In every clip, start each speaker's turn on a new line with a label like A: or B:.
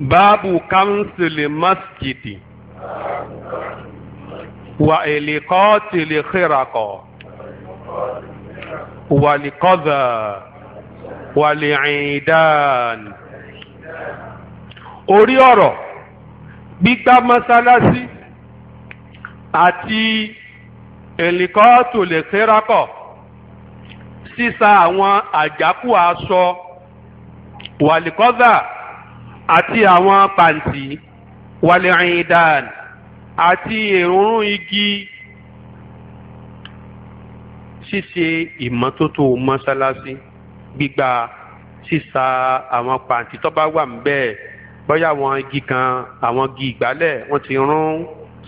A: باب كنسل مسجد وإلقاء الخرق والقذى والعيدان orí ọ̀rọ̀ gbígbá mọ́sálásí àti èlìkọ́ tó lè kérakọ̀ sísa àwọn àjákù aṣọ wàlíkọ́dà àti àwọn pàǹtí wàlẹ̀ àyìndàn àti èròrùn igi ṣíṣe ìmọ́tótó mọ́ṣáláṣí gbígba sísa àwọn pàǹtí tó bá wà níbẹ̀ bóyá àwọn igi kan àwọn igi ìgbálẹ̀ wọ́n ti rún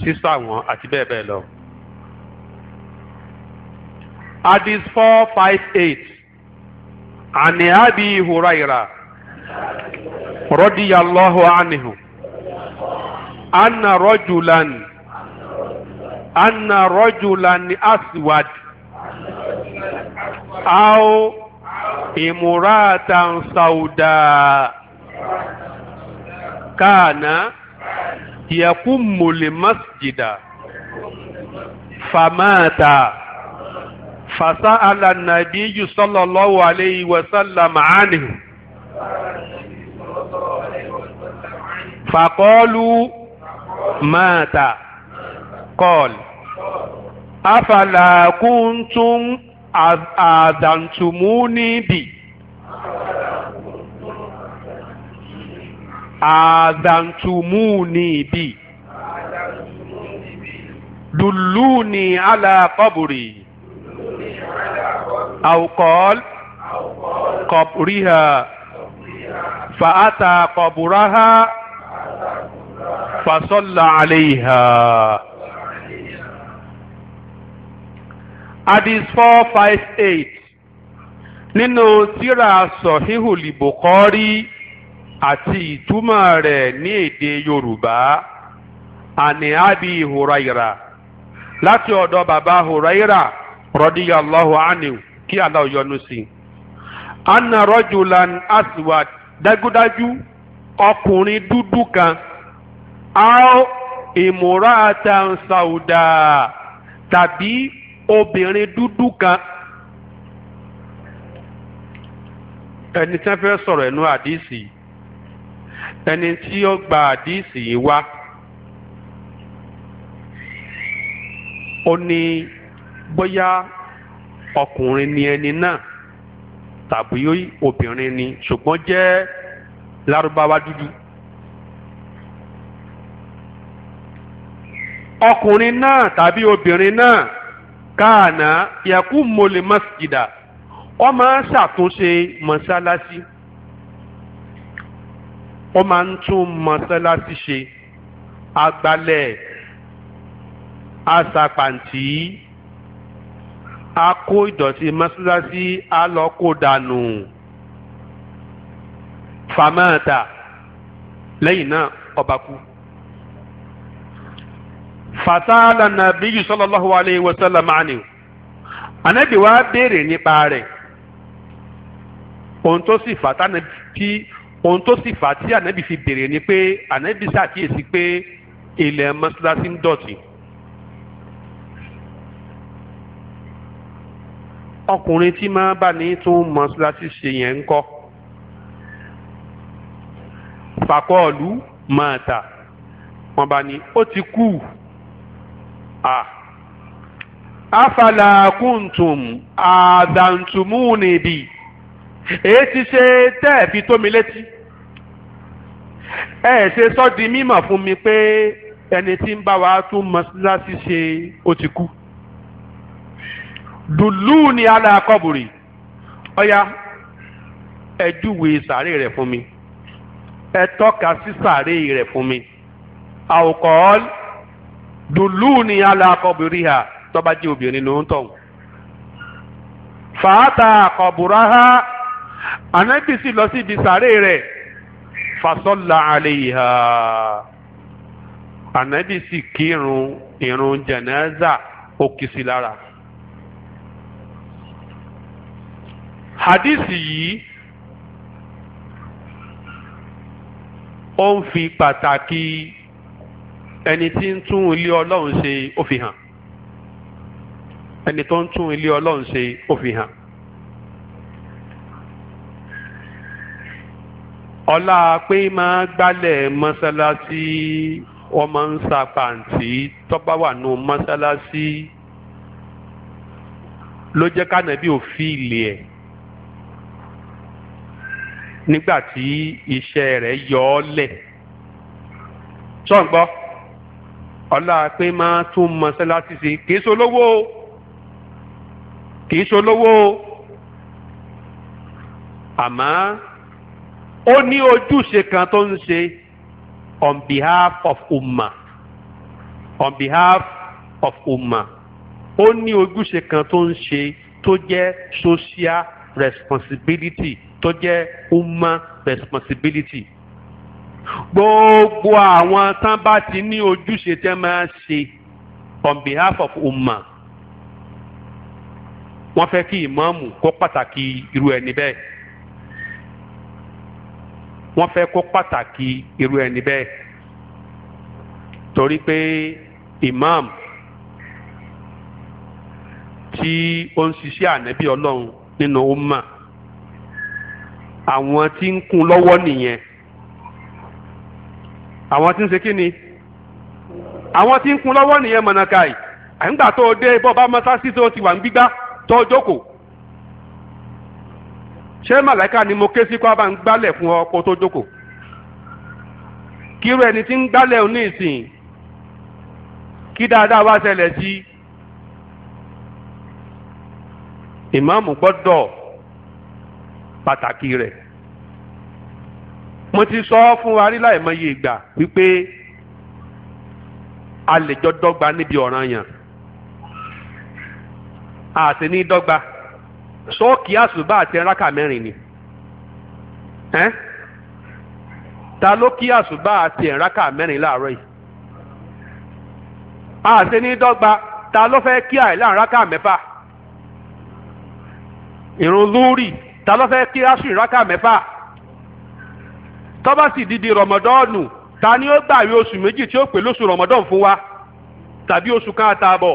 A: sísà wọn àti bẹ́ẹ̀ bẹ́ẹ̀ lọ. Hadith four five eight. عن أبي رضي الله عنه أن رجلا أن رجلا أسود أو امرأة سوداء كان يقوم المسجد فمات فسأل النبي صلى الله عليه وسلم عنه فقالوا مات قال أفلا كنتم آذنتموني بي آذنتموني بي دلوني على قبري أو قال قبرها فأتى قبرها فصلى عليها hadith four five eight nínú tírà sọ̀híhùl Bukhari àti ìtumọ̀ rẹ̀ ní èdè Yorùbá àní abi Huraira láti ọ̀dọ̀ bàbá Huraira radiyallahu anhu kí Allah yọ́nú sí i ọkùnrin dúdú kan. aw imuratan sauda tàbí obìnrin dúdú kan ẹni tí wọ́n fẹ́ sọ̀rọ̀ ẹnu àdìsí ẹni tí ó gba àdìsí yìí wá ó ní bóyá ọkùnrin ni ẹni náà tàbí obìnrin ni ṣùgbọ́n jẹ́ lárúbáwá dúdú. ọkùnrin náà tàbí obìnrin náà káàná yẹkú mọlẹ masjida ó máa ń ṣàtúnṣe mọ́sálásí ó máa ń tún mọ́sálásí ṣe agbálẹ̀ asapàǹtì a kó ìdọ̀tí mọ́sálásí a dànù fàmáàtà lẹ́yìn náà ọba kú fataala nabiyu sallallahu alayhi wa sallam ani anabi wa béèrè nípa rẹ̀ ohun tó sì fà tí ohun tó sì fà tí anabi fi béèrè ni pé anabi ṣàkíyèsí pé ilẹ̀ mọ́ṣáláṣí ń dọ̀tí. ọkùnrin tí máa bá ní tún mọ́ṣáláṣí ṣe yẹn ń kọ́ fàkọ́ọ̀lù máa tà wọ́n bá ní ó ti kú a afala kuntum adantumuni bi èyí ti ṣe tẹ́ ẹ̀ fi tó mi létí ẹ ṣe sọ di mímọ̀ fún mi pé ẹni tí ń bá wa tún mọ́síláṣí ṣe ó ti kú dùlù ni aláàkọ́bùrì ọ̀ya ẹ júwe sàárè rẹ̀ fún mi ẹ tọ́ka sí sàárè rẹ̀ fún mi àwòkọ́ọ́lù dùlù ní alákọ̀bùrí ha tọ́ba jẹ́ obìnrin ló ń tọ̀. fàátà kọ̀bùrá ha ànábì sì lọ síbi sàárè rẹ̀ fasọ́là àlèyé ha ànábì sì kírun irun jẹ̀nẹ́zà ó hadisi yìí ó ń fi pàtàkì ẹni tí ń tún ilé ọlọ́run ṣe ó fi hàn ẹni tó ń tún ilé ọlọ́run ṣe ó fi hàn. ọlá pé máa gbálẹ̀ mọ́sálásí wọ́n máa ń sa pàǹtí tọ́ba wà nù mọ́sálásí ló jẹ́ kánàbí òfin ilé ẹ̀ nígbà tí iṣẹ́ rẹ̀ yọ ọ́ lẹ̀. sọ̀ǹgbọ́n ọlá pé máa tún mọ́sálásí ṣe kìí ṣolówó o kìí ṣolówó o àmọ́ ó ní ojúṣe kan tó ń ṣe on behalf of umma on behalf of umma ó ní ojúṣe kan tó ń ṣe tó jẹ́ social responsibility tó jẹ́ umma responsibility gbogbo àwọn tán bá ti ní ojúṣe tẹ́ máa ṣe on behalf of umma wọ́n fẹ́ kí ìmáàmù kó pàtàkì irú ẹni bẹ́ẹ̀ wọ́n fẹ́ kó pàtàkì irú ẹni bẹ́ẹ̀ torí pé imam tí ó ń ṣiṣẹ́ ànábì ọlọ́run nínú umma àwọn tí ń kún lọ́wọ́ nìyẹn àwọn tí ń ṣe kí ni àwọn tí ń kun lọ́wọ́ nìyẹn mọ̀nàkà yìí àyìngbà tó o dé bọ́ bá mọ́sáàsì tó o ti wà ń gbígbá tó o jókòó ṣé màláìka ni mo ké sí kó a bá ń gbálẹ̀ fún ọ kó tó jókòó kí irú ẹni tí ń gbálẹ̀ òun ní ìsìn kí dáadáa wá ṣẹlẹ̀ sí ìmáàmù gbọ́dọ̀ pàtàkì rẹ̀. mo ti sọ fún wa rí láìmọye ìgbà wípé a lè jọ dọ́gba níbi ọ̀ràn yàn àti ní dọ́gba sọ́ọ̀kì àṣùbà àti ẹ̀ráka mẹ́rin ni ẹ́ ta ló kí àṣùbà àti ẹ̀ráka mẹ́rin láàárọ̀ yìí àti ní dọ́gba ta ló fẹ́ kí àìláàráka mẹ́fà ìrun lórí ta ló fẹ́ kí àṣù ìráka mẹ́fà. tó bá sì didi rọmọdọ́ọ̀nù ta ni ó gbàwé oṣù méjì tí ó pè lóṣù rọmọdọ́ọ̀n fún wa tàbí oṣù kan àtààbọ̀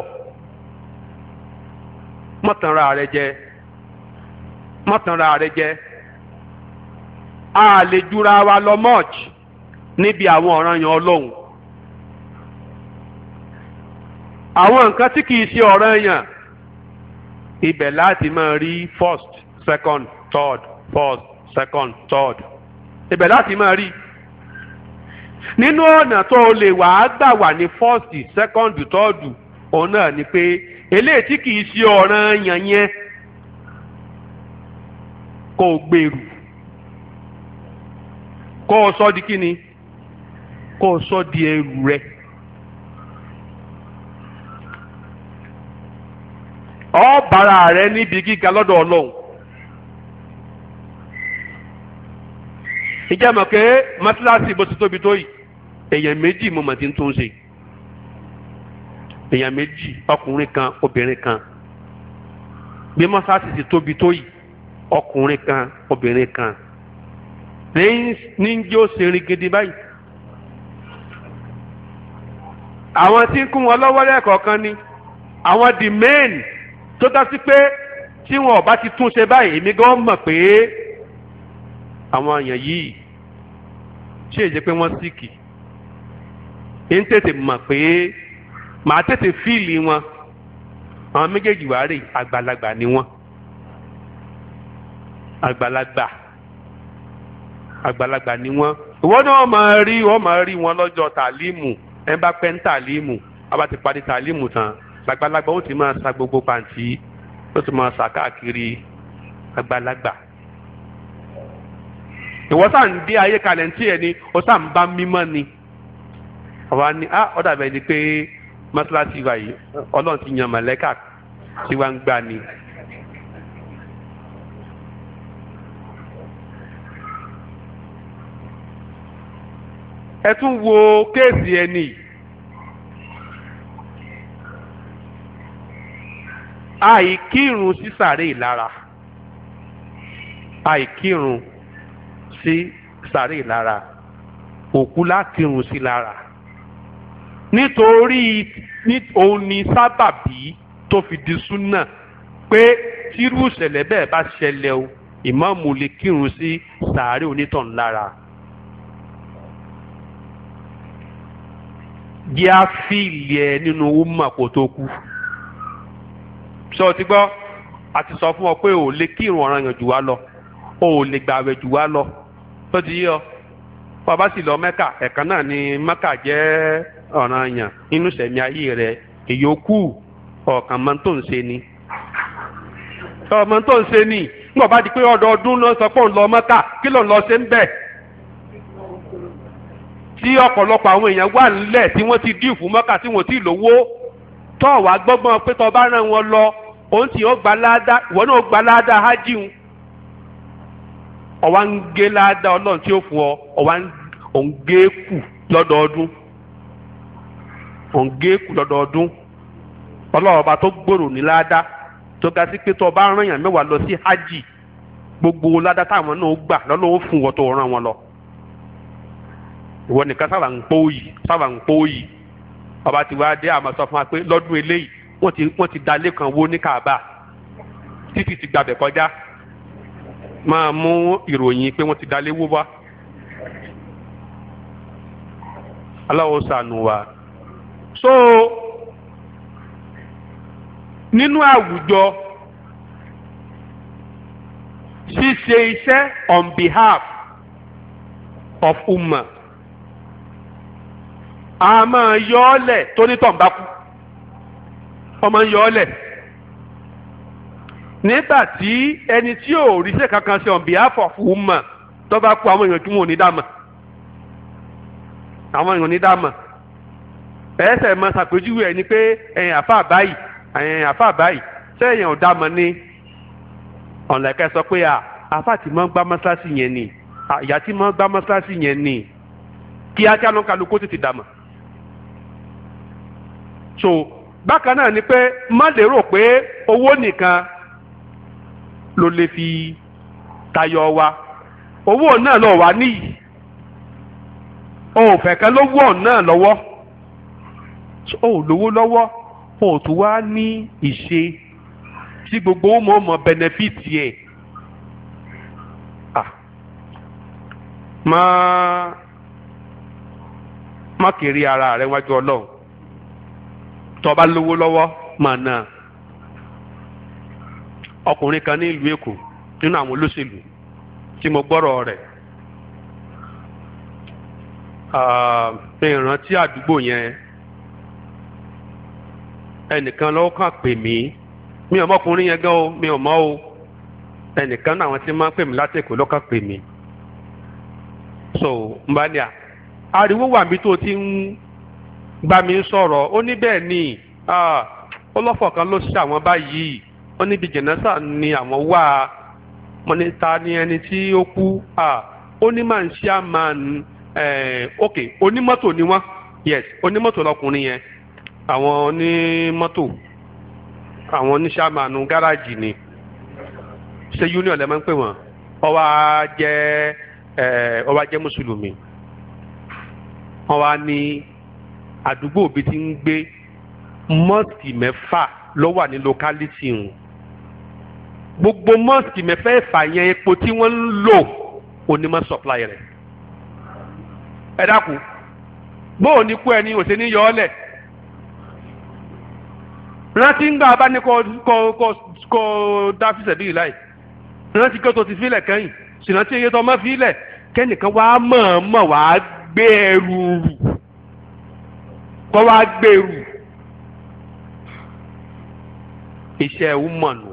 A: mọ̀tànra rẹ jẹ mọ̀tànra rẹ jẹ a lè jura wa lọ much níbi àwọn ọ̀ràn yẹn ọlọ́run àwọn nǹkan tí kìí ṣe ọ̀ràn yẹn ibẹ̀ láti máa rí first second third first second third tẹ̀bẹ̀ láti máa rí nínú ọ̀nà tó o lè wà á gbà wà ní fọ́ọ̀sì sẹ́kọ́ndì tọ́ọ̀dù òun náà ni pé eléyìí tí kìí ṣe ọ̀ràn yàn kò gbèrú kò sọ di kíni kò sọ di ẹrù rẹ. ọ bára rẹ níbi gíga lọ́dọ̀ Ọlọ́run ìjẹ́ mọ̀ pé mọ́tíláṣí bó ti tóbi tó yìí èèyàn méjì mo mọ̀ tí ń tó ń ṣe èèyàn méjì ọkùnrin kan obìnrin kan bí mọ́tíláṣí ti tóbi tó yìí ọkùnrin kan obìnrin kan ní ń jẹ́ òṣèré gidi báyìí àwọn tí ń kún wọn lọ́wọ́ lẹ́ẹ̀kọ̀ọ̀kan ni àwọn the main tó dá sí pé tí wọn ò bá ti túnṣe báyìí èmi gan mọ̀ pé àwọn èèyàn yìí ṣé èyí pé wọ́n síkì ń tètè mọ̀ pé màá tètè fíìlì wọn àwọn méjèèjì wá rè àgbàlagbà ni wọ́n àgbàlagbà àgbàlagbà ni wọ́n ìwọ náà máa rí wọ́n máa rí wọn lọ́jọ́ tàlímù ẹ bá pẹ́ ń tàlímù abá ti parí tàlímù tán làgbàlagbà ó ti máa sa gbogbo pàǹtí ó ti máa sa káàkiri àgbàlagbà. ìwọ sáà ń dé ayé kalẹ̀ ntí ẹ ni ó bá mímọ́ ni àwa ni ah ọ̀dà bẹ́ẹ̀ ni pé mọ́ṣáláṣí wa yìí ọlọ́run ti yan mọ̀lẹ́kà tí wàá ń gbà ni. ẹ tún wo kéèsì ẹni àìkírun sísàrè lára àìkírun. Si sí sàárè lára òkú lákìrùn sí lára nítorí òun ni sábàbí tó fi di súnà pé tírú ìṣẹ̀lẹ̀ bẹ́ẹ̀ bá ṣẹlẹ̀ o ìmáàmù lè kírun sí sàárè onítàn lára. jẹ́ á fìlì ẹ nínú wúmà kó tó kú. sọ ti gbọ́ àti sọ fún ọ pé o lè kírun ọ̀ranyàn jù wá lọ o lè gbààwẹ̀ jù wá lọ. tó ti yí sì lọ mẹ́kà ẹ̀kan náà ni mẹ́kà jẹ ọ̀ràn yàn nínú ayé rẹ̀ ìyókù ọ̀kan mọ́ tó ń ṣe ni ọmọ tó ń ṣe ni nígbà bá di pé ọdọọdún náà sọ pé òun lọ mẹ́kà kí ló ń lọ ṣe ń ti tí wọ́n ti lówó gbọ́gbọ́n pé tọ́ bá rán wọn lọ òun gba ìwọ náà ọ̀wá ń gé ládàá ọlọ́run tí ó fún ọ ọ̀wá ń gé kù lọ́dọọdún òǹgé kù lọ́dọọdún ọlọ́ọ̀ba tó gbòòrò ní ládá tó ga sí pé tó bá rán èèyàn mẹ́wàá lọ sí hajj gbogbo ládá táwọn náà gbà lọ́lọ́wọ́ fún wọn tó rán wọn lọ. ìwọ nìkan sábà ń pọ́ òyì sábà ń pọ́ òyì ọba ti wá dé àmọ́ sọ fún wa pé lọ́dún eléyìí wọ́n ti dalé kan wó ní kaaba títí ti gbàbẹ̀ kọjá máa mú ìròyìn pé wọ́n ti dalé wó wá aláwo sànù wa so nínú àwùjọ ṣíṣe iṣẹ́ on behalf of umma a máa yọ ọ́ lẹ̀ tónítọ̀ ń bá kú ọmọ yọ ọ́ lẹ̀ nígbà tí ẹni tí ò ríṣẹ́ kankan ṣe on behalf of woman tó bá kú àwọn èèyàn tí wọn ò ní dá mọ̀ àwọn èèyàn ò ní dá mọ̀ ẹsẹ̀ mọ ṣàpèjúwe ẹ ni pé ẹ̀yìn àfa báyìí ẹ̀yìn àfa báyìí ṣé èèyàn ò dá mọ̀ ni ọ̀nlẹ̀kẹ́ sọ pé àfa tí mọ́ ń gbá mọ́ṣáláṣí yẹn ni ìyá tí mọ́ ń gbá mọ́ṣáláṣí yẹn ni kíákíá ló ń kálukú tètè dá mọ̀ so bákan náà ni pé má lérò pé owó nìkan ló lè fi tayọ wa owó náà lọ wá níyì òòfẹ́ kan ló wọ̀ náà lọ́wọ́ ó lówó lọ́wọ́ ó tún wá ní ìṣe tí gbogbo ó mọ̀ mọ̀ bẹnẹfìtì ẹ̀ má má kiri ara rẹ wájú ọlọ́run tó lówó lọ́wọ́ máa náà ọkùnrin kan ní ìlú èkó nínú àwọn olóṣèlú tí mo gbọ́rọ̀ rẹ̀ pé ah, ìrántí àdúgbò yẹn ẹnìkan lọ́wọ́ kàn pè mí mi ò mọkùnrin yẹn gan o mi ò mọ̀ o ẹnìkan náà àwọn tí máa ń pè mí láti èkó lọ́kàn pè mí so n bá ní à ariwo wà mí tó ti ń bá mi sọ̀rọ̀ ó ní bẹ́ẹ̀ ni ọlọ́fọ̀ ah, kan ló ṣe àwọn báyìí wọ́n níbi jẹ̀nẹ́sà ni àwọn wà á wọ́n ní ta ni ẹni tí ó kú à ó ní màá ń ṣe ok onímọ́tò ni wọ́n yes onímọ́tò lọkùnrin yẹn àwọn onímọ́tò àwọn oníṣẹ́ àmàánu gáràjì ni ṣé union lẹ́ máa ń pè wọ́n ó wá jẹ́ ó wá jẹ́ mùsùlùmí ó wá ní àdúgbò bíi ti ń gbé mọ́ọ̀sì mẹ́fà ló ní lókálítì ọ̀hún gbogbo mọ́ọ̀sì mẹ́fẹ̀ẹ̀fà yẹn epo tí wọ́n ń lò onímọ̀ supply rẹ̀ ẹ dákun bóò ní kú ẹni òsè ní yọọlẹ̀ rántí ń gbà bá ní kò kò kò kò dáfísẹ̀ bíi láì rántí kí o tó ti fílẹ̀ kẹ́yìn ṣìrántí iye tó ọmọ fílẹ̀ kẹ́nìkan wàá mọ̀ọ́mọ̀ wàá gbé ẹrù rù kọ́ wàá gbé rù iṣẹ́ wúmọ̀nù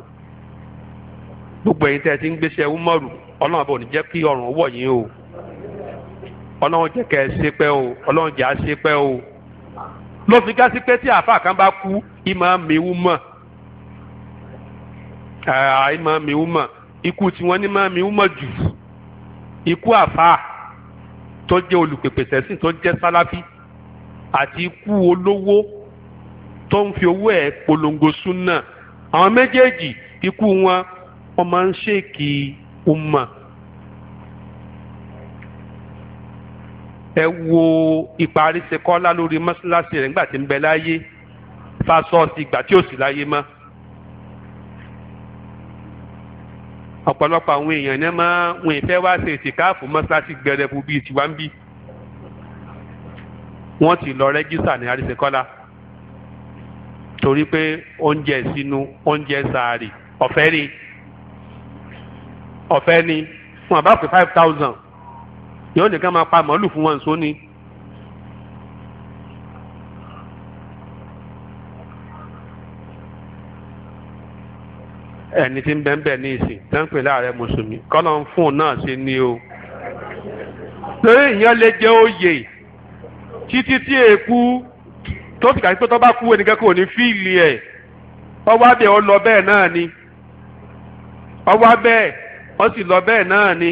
A: gbogbo ẹ̀yin tẹ́ ẹ ti ń gbéṣẹ́ umaru ọlọ́run àbọ̀ ò ní jẹ́ kí ọrùn wọ̀ yín o ọlọ́run jẹ́ kẹ́ ẹ ṣe pẹ́ o ọlọ́run jẹ́ àṣe pẹ́ o ló fi ká sí pé tí àáfà kan bá kú ìmọ̀ mìíwú mọ̀ ìmọ̀ mìíwú mọ̀ ikú tiwọn ní mọ̀ mìíwú mọ̀ jù ikú àáfà tó jẹ́ olùpèpè sẹ́sìn tó jẹ́ sáláfí àti ikú olówó tó ń fi owó ẹ̀ polongo súnà àwọn méjèèjì ikú wọn ọmọ ń ṣèkì umma ẹ wo ìparí ṣe kọ́lá lórí mọ́ṣáláṣí rẹ̀ nígbà tí ń bẹ láyé fásọ́ọ̀sì ìgbà tí ò sí láyé mọ́. ọ̀pọ̀lọpọ̀ àwọn èèyàn náà máa wọn ìfẹ́ wá ṣe ìtìkáàfù mọ́ṣáláṣí gbẹrẹfu bíi tiwa ń bí wọ́n ti lọ rẹ́gísà ní àríṣekọ́lá torí pé oúnjẹ sínú oúnjẹ sàárì ọ̀fẹ́ rèé ọ̀fẹ́ ni fún àbá pé five thousand yóò nìkan máa pa màálù fún wọn nso ni. ẹni tí ń bẹ ń bẹ ní ìsìn tẹ́ńpẹ̀ láàrẹ mùsùlùmí kọ́lọ́ ń fún un náà ṣe ni o. torí ìyẹn lè jẹ́ oyè títí tí èkú tó fi kàdí pé tó bá kú ẹnìkan kò ní fíìlì ẹ̀ ọwọ́ abẹ́ ọ lọ bẹ́ẹ̀ náà ni ọwọ́ abẹ́ ẹ̀ ó sì lọ bẹ́ẹ̀ náà ni.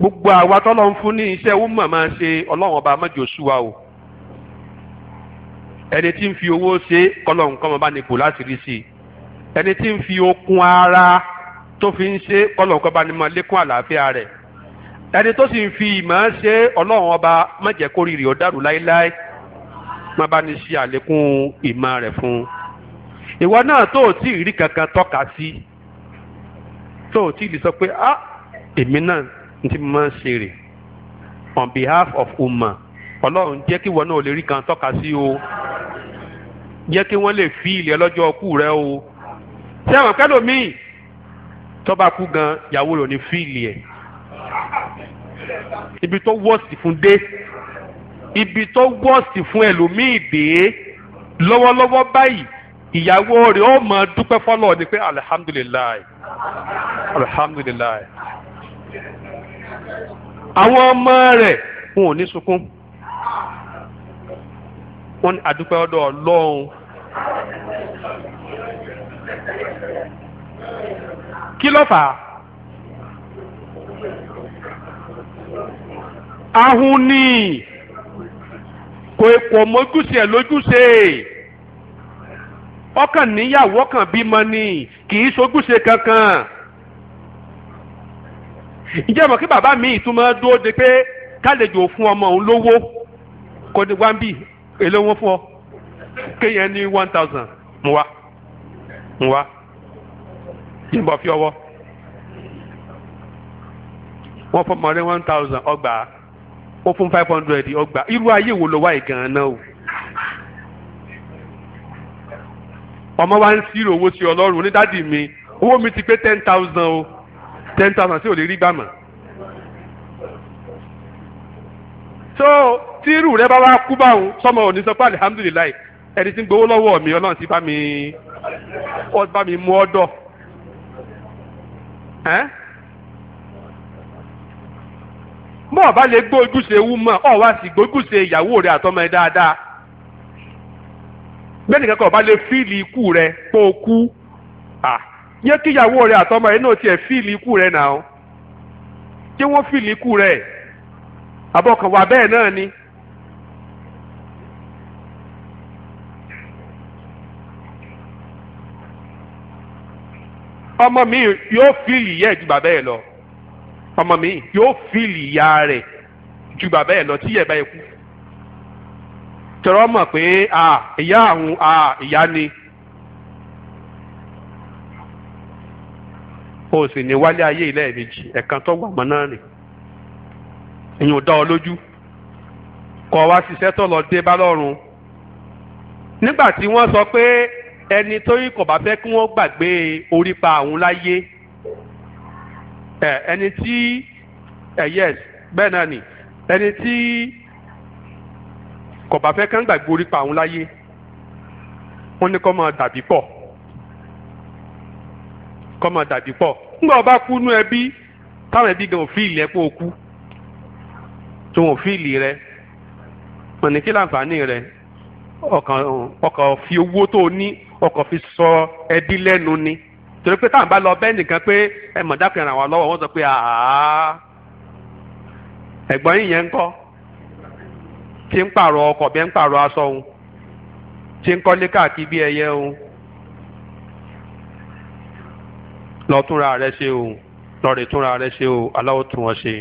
A: gbogbo àwa tọ́lọ́ ń fún ní iṣẹ́ ó mọ̀ máa ṣe ọlọ́run ọba mọ́jọ́súwa o ẹni tí ń fi owó ṣe kọ́lọ̀ nǹkan ọba ní kò láti rí sí i ẹni tí ń fi okun ara tó fi ń ṣe kọ́lọ̀ nǹkan ọba ní mọ lékún àlàáfíà rẹ̀ ẹni tó sì ń fi ìmọ̀ ṣe ọlọ́run ọba má jẹ́ kórìrì láéláé má bá ní ṣe àlékún ìmọ̀ rẹ̀ fún un ìwọ náà tó o tí ì rí kankan tọ́ka sí tó o tí ì lè sọ pé ah èmi náà n ti máa ń ṣe rè on behalf of umma ọlọ́run jẹ́ kí ìwọ náà lè rí kan tọ́ka sí o jẹ́ kí wọ́n lè fi ilẹ̀ lọ́jọ́ ọkú rẹ o sẹ́wọ̀n kẹ́lòmíì tọ́ba kú gan ìyàwó rẹ̀ ò ní fi ilẹ̀ ẹ̀ ibi tó wọ́ọ̀sì fún dé ibi tó wọ́ọ̀sì fún ẹlòmíì dé lọ́wọ́lọ́wọ́ báyìí ìyàwó rẹ̀ ó mọ dúpẹ́ fọlọ́ ni pé alihamudulilayi alihamudulilayi
B: àwọn ọmọ rẹ̀
A: wọn ò ní sunkún wọn ní adúpẹ́ ọ̀dọ̀ ọlọ́run kí ló fà á ahun ni kò èkó mọ́júṣe lójúṣe ọkàn níyàwó ọkàn bímọ ni kì í ṣogúnṣe kankan ǹjẹ́ mọ̀ kí bàbá mi ìtumọ̀ dúró de pé kálejò fún ọmọ òun lówó kò ní wá ń bì èlé wọn fún ọ kéèyàn ní one thousand mú wá mú wá yìnbọn fi ọwọ́ wọ́n fọmọ rẹ one thousand ọgbà ó fún five hundred ọgbà irú ayé wo ló wáyé gan o. ọmọ wa ń sírò owó sí ọlọ́run onídàdí mi owó mi ti pé ten thousand o ten thousand sí ò lè rí gbà mọ́. so tí irú rẹ bá wá kú báwọn sọmọ òní sọ pé alihamudulilayi ẹni tí ń gbowó lọ́wọ́ mi ọlọ́run ti bá mi ọ bá mi mú ọdọ. mọ́ ọ bá lè gbójúṣe wú mọ́ ọ wá sí gbójúṣe ìyàwó rẹ àtọmọ ẹ dáadáa bẹ́ẹ̀ nìkan kan ọba lè fíìlì ikú rẹ pé o kú à yẹ kí ìyàwó rẹ àtọmọ rẹ náà tiẹ̀ fíìlì ikú rẹ náà kí wọ́n fíìlì ikú rẹ àbọ̀kàn wà bẹ́ẹ̀ náà ni. ọmọ mi yóò fíìlì ìyá ẹ̀ ju bàbá ẹ̀ lọ ọmọ mi yóò fíìlì ìyá rẹ̀ ju bàbá ẹ̀ lọ tí ìyá bá yẹ kú tọrọ mọ̀ pé ìyá àwọn ìyá ni o sì ní wálé ayé ilé ìbejì ẹ̀kan tó wà mọ́ náà nì ìyẹn ò dá ọ lójú kọ̀ wá ṣiṣẹ́ tó lọ dé bá lọ́rùn nígbà tí wọ́n sọ pé ẹni tó yí kọ̀ bá fẹ́ kí wọ́n gbàgbé orí pa àwọn láyé ẹni tí yes bẹ́ẹ̀ náà nì ẹni tí kò bá fẹ́ kán gbàgbé orí pa àwọn láyé wọ́n ní kó máa dàbí pọ̀ kó máa dàbí pọ̀ ńgbà ọba kú nú ẹbí táwọn ẹbí gan òfìlì ẹ pé o kú tó wọn òfìlì rẹ wọ́n ní kí láǹfààní rẹ ọkàn ọkàn fi owó tó o ní ọkàn fi sọ ẹbí lẹ́nu ni torí pé táwọn bá lọ bẹ́ẹ̀ nìkan pé ẹ mọ̀ dákùnrin àwọn lọ́wọ́ wọ́n sọ pé ẹ̀gbọ́n yìí yẹn ń kọ́ tí ń pààrọ̀ ọkọ̀ bí ń pààrọ̀ aṣọ òun tí ń kọ́lé káàkiri bí ẹyẹ òun lọ́ọ́ túnra rẹ ṣe òun lọ́ọ́ rè túnra rẹ ṣe òun aláwọ̀ tún wọn ṣe.